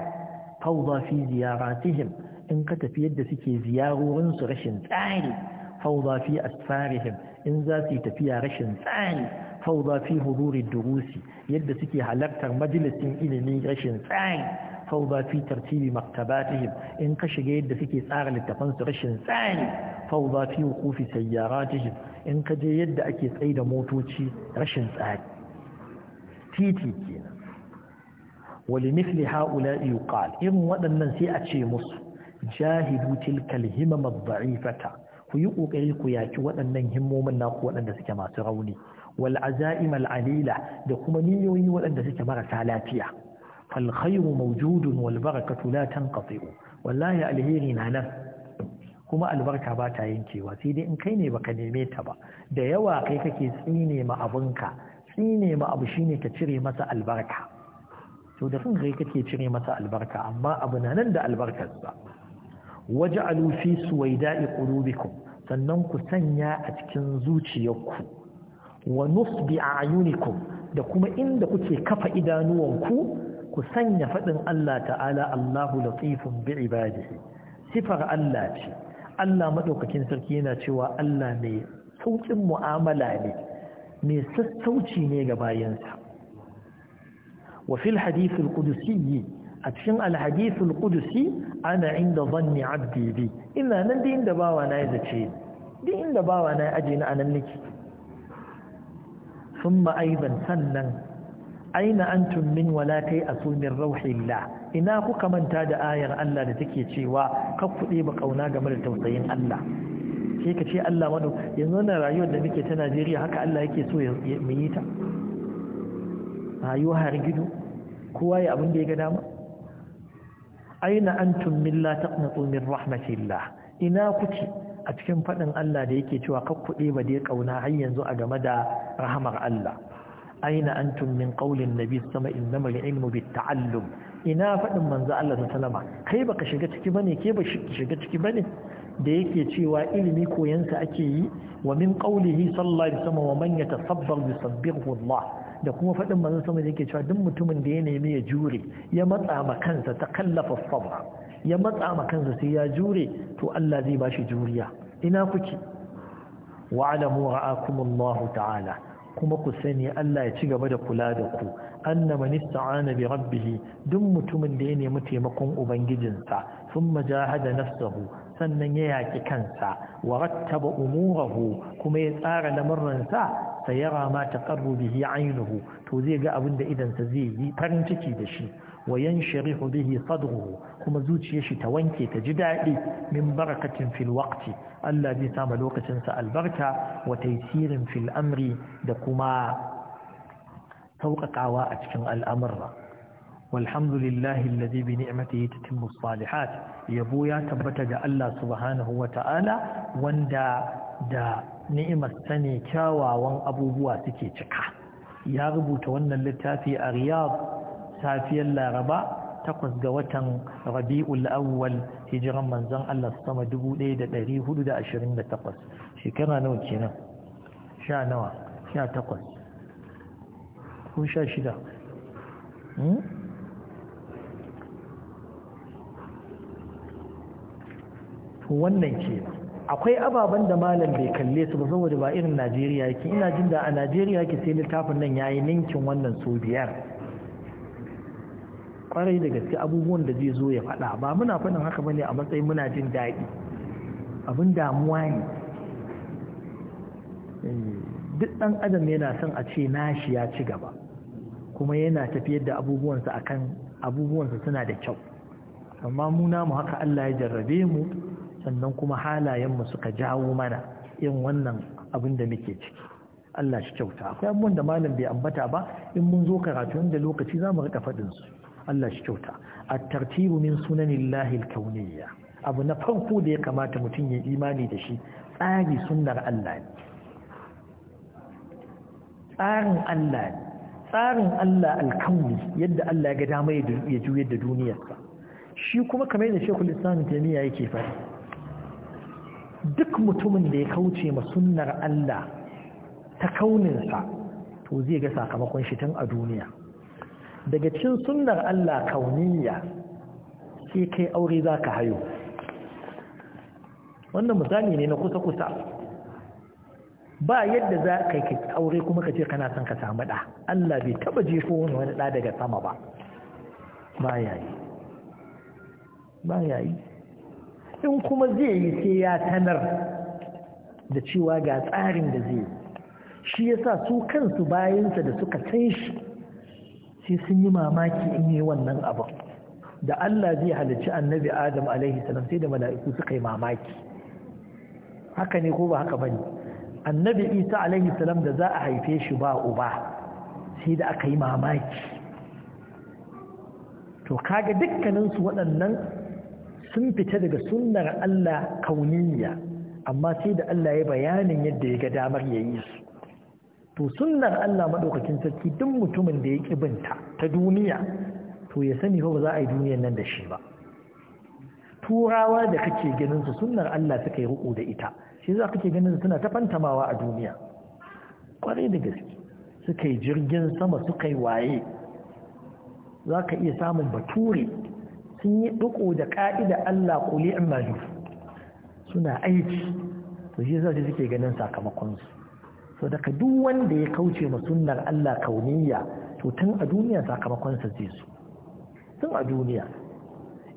fauda fi ziyaratihim in ka tafi yadda suke ziyarorinsu rashin tsari fauda fi asfarihim in za su yi tafiya rashin tsari fawda fi huduri durusi yadda suke halartar majalisin ilimi rashin tsari fawda fi tartibi maktabatihim in ka shiga yadda suke tsara littafan su rashin tsari fawda fi wuqufi sayyaratihim in ka je yadda ake tsaye da motoci rashin tsari titi kenan ولمثل هؤلاء waɗannan sai a ce musu. جاهدوا tilkal, الهمم الضعيفة ku yi ƙoƙari ku yaƙi waɗannan himmomin naku waɗanda suke masu rauni wal azaim al alila da kuma niyoyi waɗanda suke marasa lafiya fal khayru mawjudun wal barakatu la wallahi alheri na nan kuma albarka ba ta yankewa sai dai in kai ne baka neme ta ba da yawa kai kake tsine ma abinka tsine ma abu shine ka cire masa albarka to da kai kake cire masa albarka amma abu na nan da albarkarsa waj'alu fi suwaida'i qulubikum sannan ku sanya a cikin zuciyarku wa a a'yunikum da kuma inda kuke kafa idanuwanku ku sanya faɗin Allah ta'ala Allahu latifun bi ibadihi sifar Allah ce Allah maɗaukakin sarki yana cewa Allah mai saukin mu'amala ne mai sassauci ne ga bayansa wa fil hadith al a cikin al-hadith ana inda zanni abdi bi ina nan da inda bawa na ya zace din inda bawa na ya aje ni anan nake ثم أيضا سنن أين أنتم من ولا تيأسوا من روح الله إنا كوكا من تاد آية الله لتكي ba كفئي game da tausayin Allah sai ka ce Allah wani yanzu wannan rayuwar da muke ta Najeriya haka Allah yake so ya yi ta rayuwa gido kowa ya abin da ya ga dama aina antum la taqnatu min rahmatillah ina kuke a cikin faɗin Allah da yake cewa kuɗe ba dai ƙauna har yanzu a game da rahamar Allah aina antum min qaulin nabi sama innama ilmu bit-ta'allum ina faɗin manzo Allah sallama kai baka shiga ciki bane ke ba shiga ciki bane da yake cewa ilimi koyansa ake yi wa min qaulihi sallallahu alaihi wasallam wa man yatasabbar yusabbihu Allah da kuma faɗin manzo sama yake cewa duk mutumin da ya nemi ya jure ya matsa ma kansa ta kallafa sabra ya matsa ma kansa sai ya jure to Allah zai bashi juriya ina kuke wa alamu ra'akumullahu ta'ala kuma ku sani Allah ya ci gaba da kula da ku anna man ista'ana bi duk mutumin da ya nemi taimakon ubangijinsa thumma jahada nafsahu sannan ya yaki kansa wa rattaba umurahu kuma ya tsara lamarransa sayara ma taqarru bihi aynuhu to zai ga abin da idansa zai yi farin ciki da shi wa yansharihu bihi sadruhu kuma zuciyar shi ta wanke ta ji daɗi min barakatin fil waqti Allah zai sama lokacin sa albarka wa taysirin fil amri da kuma sauƙaƙawa a cikin al'amurra والحمد لله الذي بنعمته تتم الصالحات يبويا تبت جاء الله سبحانه وتعالى وندا دا نعمة سني كاوا وان أبو بوا سكي تكا يا ربو تونا اللتافي أغياض سافي الله ربا تقص قوتا ربيع الأول هجرا من زن الله سما دبو ليدا داري هدو دا أشرين دا تقص شكرا نوكينا شا نوا شا تقص وشا شدا 嗯。to wannan ke akwai ababen da malam bai kalle su ba saboda ba irin najeriya yake ina jin da a najeriya yake sai littafin nan yayi ninkin wannan so biyar kwarai da gaske abubuwan da zai zo ya faɗa ba muna faɗin haka bane a matsayin muna jin daɗi abin damuwa ne eh, duk ɗan adam yana son a ce nashi ya ci gaba kuma yana tafiyar da abubuwansa akan abubuwansa suna da kyau amma mu mu haka Allah ya jarrabe mu sannan kuma halayen mu suka jawo mana yin wannan abin da muke ciki Allah shi kyauta akwai abubuwan da malam bai ambata ba in mun zo karatu inda lokaci za mu rika faɗin su Allah shi kyauta at-tartibu min sunanillahi al-kauniyya abu na farko da ya kamata mutum ya imani da shi tsari sunnar Allah ne tsarin Allah ne tsarin Allah al-kauni yadda Allah ya ga dama ya juyar da duniyarsa shi kuma kamar da Sheikhul Islam Taymiyyah yake faɗi duk mutumin da ya kauce ma sunnar Allah ta kauninsa to zai ga sakamakon shi tun a duniya daga cin sunnar Allah kauniya sai kai aure za ka hayo wannan misali ne na kusa-kusa ba yadda za ka yi aure kuma ka ce kana son ka samu ɗa Allah bai taba jefo wani ɗa daga sama ba ba yayi ba yayi in kuma zai yi sai ya tanar da cewa ga tsarin da zai shi yasa su kansu bayansa da suka san shi sai sun yi mamaki in yi wannan abu da Allah zai halicci annabi Adam alaihi salam sai da mala'iku suka yi mamaki haka ne ko ba haka bane annabi Isa alaihi salam da za a haife shi ba uba sai da aka yi mamaki to kaga dukkaninsu waɗannan sun fita daga sunnar Allah kauniya amma sai da Allah ya bayanin yadda ya ga damar ya yi su to sunnar Allah maɗaukakin sarki duk mutumin da ya ƙi binta ta duniya to ya sani ba za a yi duniyar nan da shi ba turawa da kake ganin su sunnar Allah suka yi da ita shi za kake ganin su suna ta fantamawa a duniya kwarai da gaske suka yi jirgin sama suka yi waye za ka iya samun bature sun yi duku da ka'ida Allah kuli amalu suna aiki to shi suke ganin sakamakonsu. so daga duk wanda ya kauce ma sunnar Allah kauniyya to tun a duniya sakamakonsa zai su tun a duniya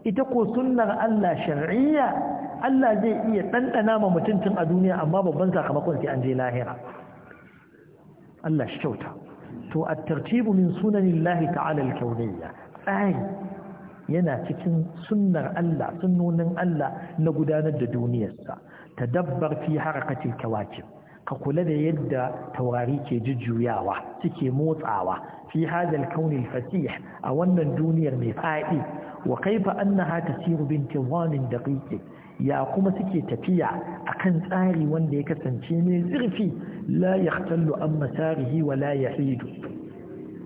ita ko sunnar Allah shar'iyya Allah zai iya ɗanɗana ma mutum tun a duniya amma babban sakamakon sai an je lahira Allah shi kyauta to at-tartibu min sunanillahi ta'ala al-kauniyya tsari yana cikin sunnar Allah sunnonin Allah na gudanar da duniyarsa ta dabbar fi harakatil kawakib ka kula da yadda taurari ke jujjuyawa suke motsawa fi hadal kaunil fasih a wannan duniyar mai fadi wa kaifa annaha tasiru bi intizamin daqiq ya kuma suke tafiya akan tsari wanda ya kasance mai zurfi la yahtallu an masarihi wa la yahidu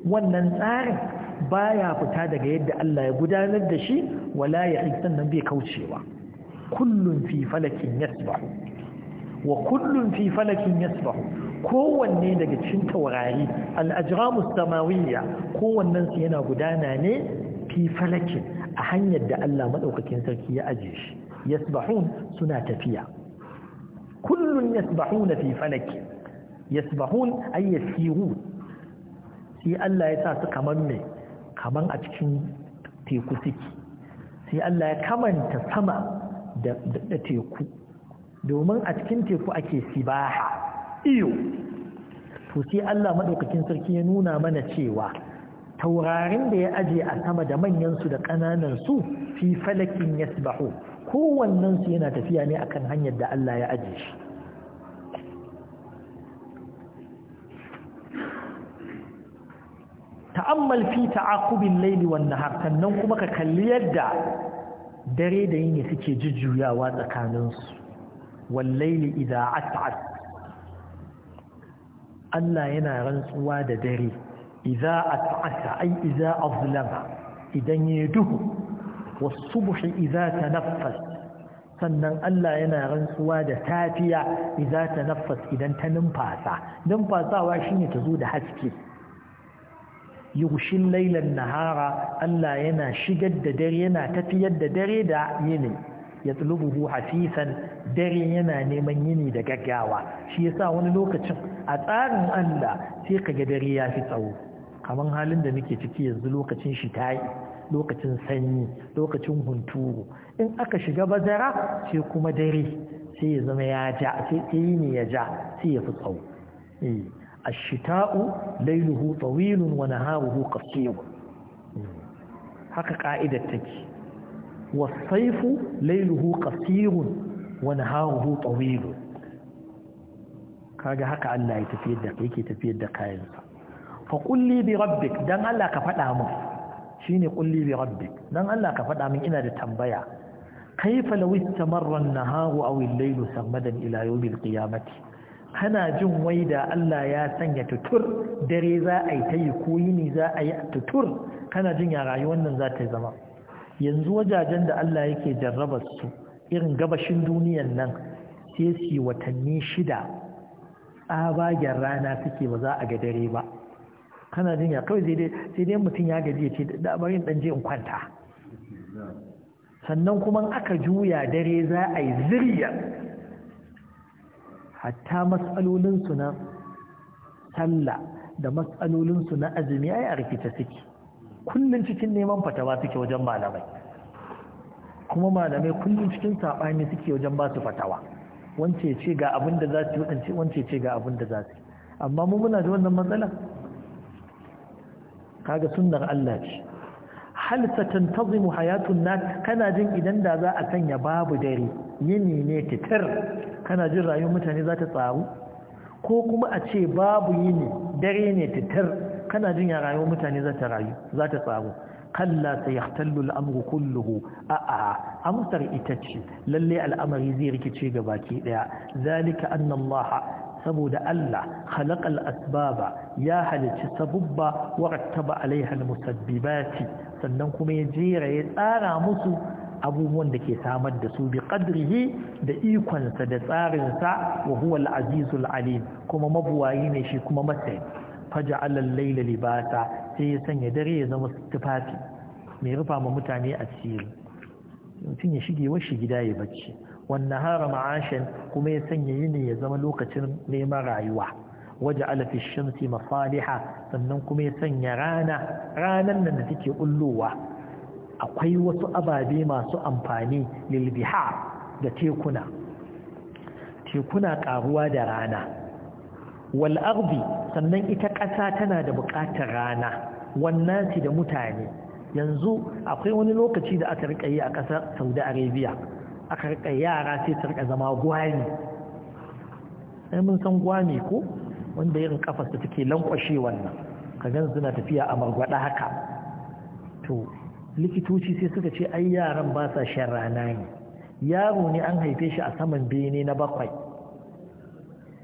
wannan tsarin baya fita daga yadda Allah ya gudanar da shi wala ya sannan bai kaucewa kullun fi falakin yasbahu wa kullun fi falakin yasbahu kowanne daga cikin taurari al-ajramus samawiyya kowannen su yana gudana ne fi falakin a hanyar da Allah madaukakin sarki ya aje shi yasbahun suna tafiya kullun yasbahuna fi falakin yasbahun ay yasirun sai Allah ya sa su kamar mai kaman a cikin teku suke sai Allah ya kamanta sama da teku domin a cikin teku ake sibaha iyo to sai Allah madaukakin sarki ya nuna mana cewa taurarin da ya aje a sama da manyansu da kananan su fi falakin yasbahu kowannen su yana tafiya ne akan hanyar da Allah ya aje shi ta'ammal fi ta'aqubil layli wan nahar sannan kuma ka kalli yadda dare da yini suke jujjuyawa tsakanin su wal layli idza as'as Allah yana rantsuwa da dare idza as'asa ai idza azlama idan ya duhu was subhi idza tanaffas sannan Allah yana rantsuwa da safiya idza tanaffas idan ta numfasa numfasawa shine ta zo da haske yushin lailan nahara Allah yana shigar da dare yana tafiyar da dare da yini ya tsulubuhu hafisan dare yana neman yini da gaggawa shi yasa wani lokacin a tsarin Allah sai kaga dare ya fi tsawo kamar halin da muke ciki yanzu lokacin shi tayi lokacin sanyi lokacin hunturu in aka shiga bazara sai kuma dare sai ya zama ya ja sai ne ya ja sai ya fi tsawo eh. ashita’u lailuhu tawilun wa nahawuhu qasir haka ka'idar take wasaifu lailuhu qasirun wa nahawuhu tawilun kaga haka Allah ya yake tafiyar da kayansa fa qulli bi rabbik dan Allah ka fada min shine qulli bi dan Allah ka fada min ina da tambaya kai law istamarra an-nahaaru aw al-lailu samadan ila yawm al-qiyamati kana jin wai da Allah ya sanya tutur dare za a yi ta yi ko yini za a yi tutur kana jin ya rayuwar nan za ta zama yanzu wajajen da Allah yake jarrabar su irin gabashin duniyan nan sai su watanni shida tsabagen rana suke ba za a ga dare ba kana jin ya kawai sai dai mutum ya gaji ya ce da bari in je in kwanta sannan kuma aka juya dare za a yi zirya hatta matsalolinsu na sallah da matsalolinsu na azumi ai a rikice suke kullum cikin neman fatawa suke wajen malamai kuma malamai kullum cikin saɓani suke wajen ba su fatawa wance ce ga abin da za su yi wance ce ga abin da za su amma mu muna da wannan matsala kaga sunnar Allah ce hal satantazimu hayatun nas kana jin idan da za a sanya babu dare yini ne titir kana jin rayuwar mutane za ta tsaru ko kuma a ce babu yi ne dare ne titar kana jin ya rayuwar mutane za ta rayu za ta tsaru kalla sai yahtallu al'amru kulluhu a a amsar ita ce lalle al'amari zai rikice ga baki daya zalika anna saboda Allah khalaqa al-asbaba ya halicci sabubba wa rattaba alaiha musabbibati sannan kuma ya jera ya tsara musu abubuwan da ke samar da su bi qadrihi da ikonsa da tsarinsa wa huwa al-azizul alim kuma mabuwayi ne shi kuma masai faja'ala al-layla libasa sai ya sanya dare ya zama tufafi mai rufa ma mutane asiri mutum ya shige washi gida ya bacci wannan hara ma'ashin kuma ya sanya yini ya zama lokacin neman rayuwa waje alafin shamsi mafaliha sannan kuma ya sanya rana ranan nan da take kullowa akwai wasu ababe masu amfani lilbiha da tekuna tekuna karuwa da rana wal sannan ita ƙasa tana da buƙatar rana wannan da mutane yanzu akwai wani lokaci da aka rika yi a ƙasar Saudi Arabia aka rika yara sai su rika zama gwami sai mun san gwami ko wanda irin kafarsa take lankwashe wannan kagan suna tafiya a margwada haka to likitoci sai suka ce ai yaran ba sa shan rana ne yaro ne an haife shi a saman bene na bakwai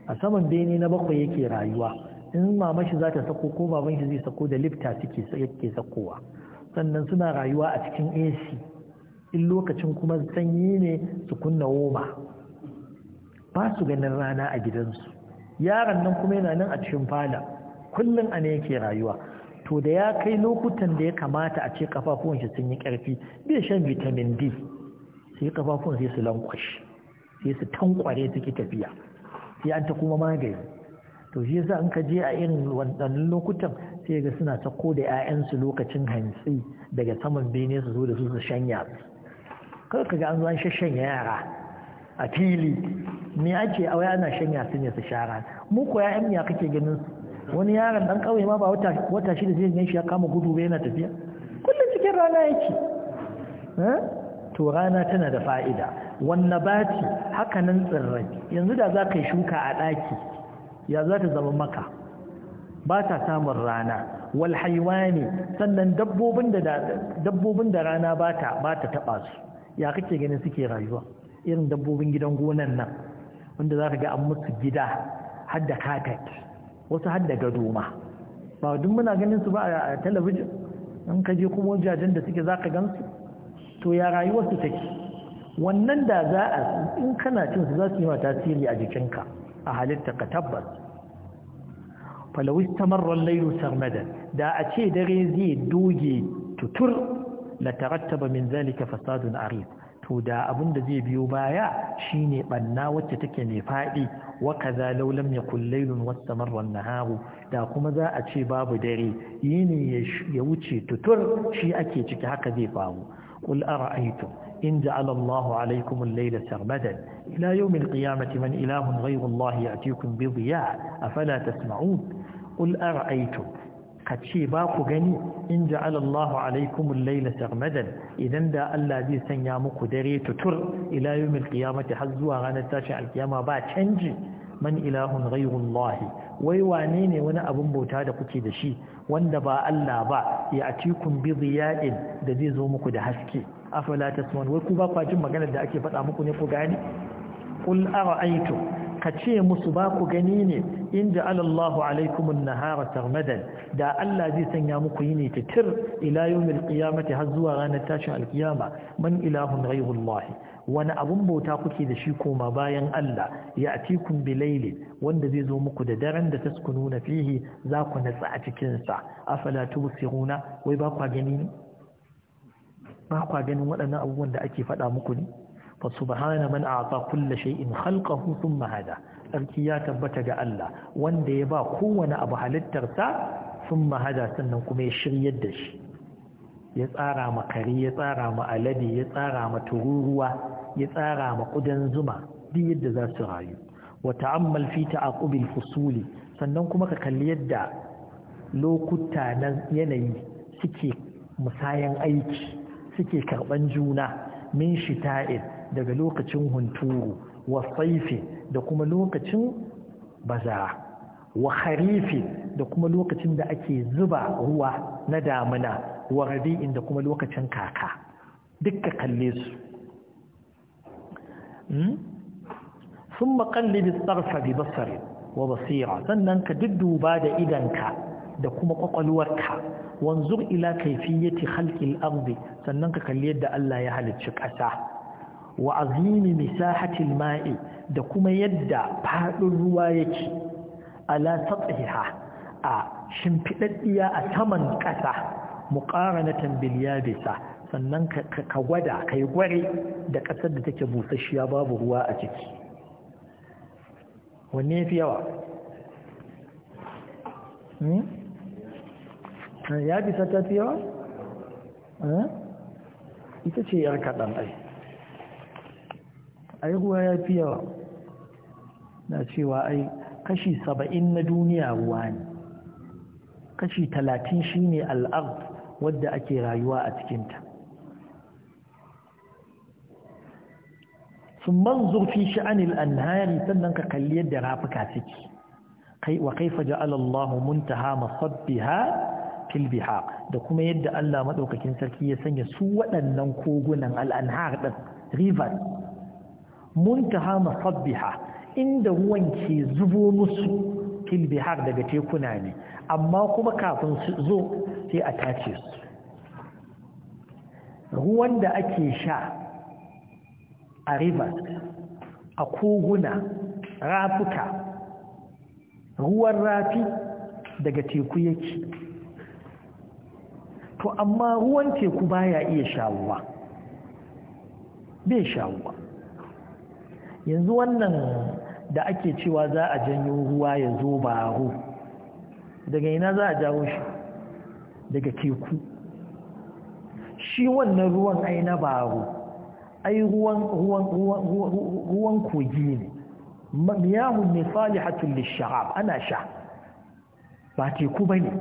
a saman bene na bakwai yake rayuwa in mama shi za ta sako ko baban shi zai sako da lifta suke yake sakowa sannan suna rayuwa a cikin AC in lokacin kuma sanyi ne su kunna woma ba su ganin rana a gidansu yaron nan kuma yana nan a cikin fala kullum a ne yake rayuwa to da ya kai lokutan da ya kamata a ce kafafuwan shi sun yi ƙarfi bai shan vitamin D sai kafafuwan sai su lankwashi sai su tankware suke tafiya sai an ta kuma magani to shi yasa an ka je a irin wannan lokutan sai ga suna ko da 'ya'yansu lokacin hantsi daga saman bene su zo da su su shanya kar ka ga an zo an shanya yara a fili me ake a ana shanya su ne su shara mu ko 'ya'yan ya kake ganin su wani yaron dan kauye ma ba wata wata shida zai ganshi ya kama gudu bai yana tafiya kullum cikin rana yake eh? to rana tana da fa'ida wanne bati haka nan tsirrai yanzu da za ka yi shuka a ɗaki ya za ta zama maka ba ta samun rana wal ne sannan dabbobin da dabbobin da rana ba ta ba ta taba su ya kake ganin suke rayuwa irin dabbobin gidan gonan nan wanda za ka ga an musu gida har da katak. wasu hadda gado ma ba duk muna ganin su ba a talabijin in ka je kuma wajajen da suke za ka gansu to ya rayuwarsu take wannan da za a in kana cin su za su yi ma tasiri a jikinka a halitta ka tabbas falawis tamarrar lairu sarmadan da a ce dare zai doge tutur la tarattaba min zalika fasadun arif to da abin da zai biyo baya shine banna wacce take mai fadi wa kaza law lam yakul laylun wastamarra an-naharu da kuma za a ce babu dare yini ya wuce tutur shi ake ciki haka zai faru qul ara'aytum in ja'ala Allahu 'alaykum al-layla sarmadan ila yawm al-qiyamati man ilahun ghayru Allah ya'tikum bi dhiya afala tasma'un qul ara'aytum ka ce ba ku gani in ja'alallahu alaikumul laila sarmadan idan da Allah zai sanya muku dare tutur ila yawmil har zuwa ranar tashin alkiyama ba canji man ilahun ghayrullahi wai wane ne wani abin bauta da kuke da shi wanda ba Allah ba ya cikin bi yaɗin da zai zo muku da haske afala tasman wai ku ba kwa jin magana da ake faɗa muku ne ku gani qul ka ce musu ba ku gani ne in ja'ala Allahu alaikumun nahara tarmadan da Allah zai sanya muku yi yini titir ila yawmil har zuwa ranar tashin alkiyama man ilahun ghayru Allah wani abun bauta kuke da shi koma bayan Allah ya atikum bilaili wanda zai zo muku da daren da nuna fihi za ku natsa a cikin sa afala wai ba kwa gani ne ba ganin waɗannan abubuwan da ake faɗa muku ne fa subhana man a'ta kulli shay'in khalqahu thumma hada sarki ya tabbata ga Allah wanda ya ba kowane abu halittarsa thumma hada sannan kuma ya shiryar da shi ya tsara ma kare ya tsara ma alade ya tsara ma tururuwa ya tsara ma kudan zuma duk yadda za su rayu wa ta'ammal fi ta'aqubil fusuli sannan kuma ka kalli yadda lokuta na yanayi suke musayan aiki suke karban juna min shita'in daga lokacin hunturu wa saifi da kuma lokacin bazara wa harifi da kuma lokacin da ake zuba ruwa na damina wa rabi'in da kuma lokacin kaka dukka kalle su sun hmm? makalli tsarfa bi basari wa basira sannan ka dudduba da idanka da kuma kwakwalwarka wanzur ila kaifiyyati khalqil ardi sannan ka kalli yadda Allah ya halicci ƙasa wa azimi misahatil ma'i da kuma yadda faɗin ruwa yake ala tsatsiha a shimfiɗaɗɗiya a saman ƙasa muƙaranatan bil bisa sannan ka gwada kai gwari da ƙasar da take busasshiya babu ruwa a ciki wanne fi yawa hmm? bisa ta fi yawa eh? ita ce yar kaɗan ɗai ai ruwa ya fi yawa na cewa ai kashi saba'in na duniya ruwa ne kashi talatin shi ne wadda ake rayuwa a cikinta sun manzur fi sha'anil anhari sannan ka kalli yadda rafuka suke kai wa kaifa ja'ala Allahu muntaha masabbiha fil bihar da kuma yadda Allah madaukakin sarki ya sanya su waɗannan kogunan al-anhar din rivers muntaha musabbiha inda ruwan ke zubo musu fil bihar daga tekuna ne amma kuma kafin su zo sai a tace su ruwan da ake sha a rivers a koguna rafuka ruwan rafi daga teku yake to amma ruwan teku baya iya shawuwa bai shawuwa yanzu wannan da ake cewa za a janyo ruwa ya zo baro daga ina za a jawo shi daga teku shi wannan ruwan ai na baro ai ruwan kogi ne miyahun ne salihatun lishahab ana sha ba teku ba ne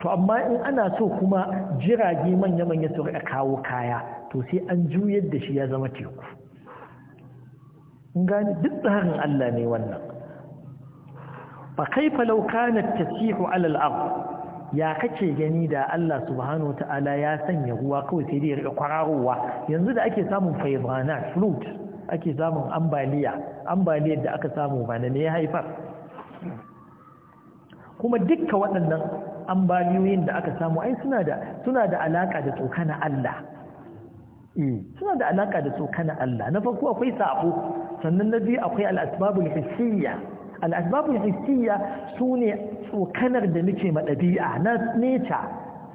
to amma in ana so kuma jirage manya-manya su kawo kaya to sai an juyar da shi ya zama teku gani duk tsarin Allah ne wannan fa kaifa law kana tasihu ala al-ard ya kake gani da Allah subhanahu ta'ala ya sanya ruwa kawai sai dai ya kwararowa yanzu da ake samun faibana flood ake samun ambaliya ambaliyar da aka samu ba ne ya haifar kuma dukkan waɗannan ambaliyoyin da aka samu ai suna da suna da alaka da tsokana Allah eh suna da alaka da tsokana Allah na farko akwai sabo sannan na biyu akwai al'asbabul hissiyya al'asbabul hissiyya su ne tsokanar da muke maɗabi'a na neca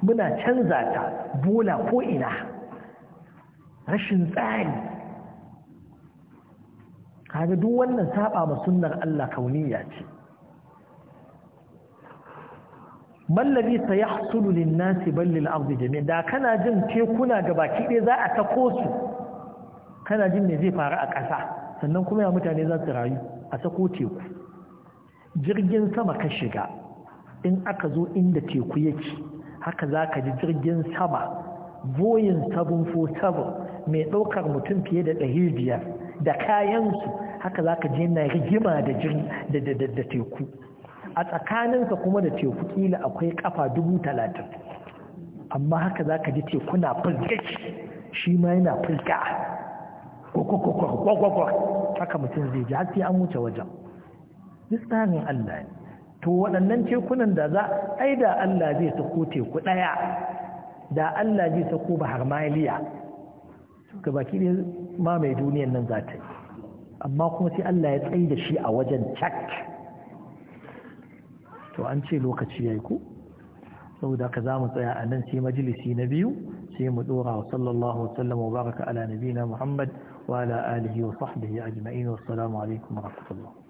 muna canza ta bola ko ina rashin tsari kaga duk wannan saba ma sunnar Allah kauniya ce mallabi ta ya hasulu linnasi ballil arzi jami'a da kana jin tekuna ga baki ɗaya za a tako su kana jin me zai faru a ƙasa sannan kuma ya mutane za su rayu a sako teku jirgin sama ka shiga in aka zo inda teku yake haka za ka ji jirgin sama boyin 747 mai ɗaukar mutum fiye da biyar, da kayansu haka za ka ji, na rigima da teku a tsakaninsa kuma da teku kila akwai kafa talatin. amma haka za ka ji teku na fulgaci shi ma yana fulga kwakwakwakwakwak haka mutum zai ji har sai an wajen duk Allah ne to waɗannan tekunan da za ai da Allah zai sako teku ɗaya da Allah zai sako bahar maliya ga baki ne ma mai duniyan nan za ta yi amma kuma sai Allah ya tsaye da shi a wajen cak to an ce lokaci ya yi ku saboda ka za mu tsaya a nan sai majalisi na biyu sai mu ɗora wa sallallahu wasallam wa baraka ala nabina muhammad وعلى آله وصحبه أجمعين والسلام عليكم ورحمة الله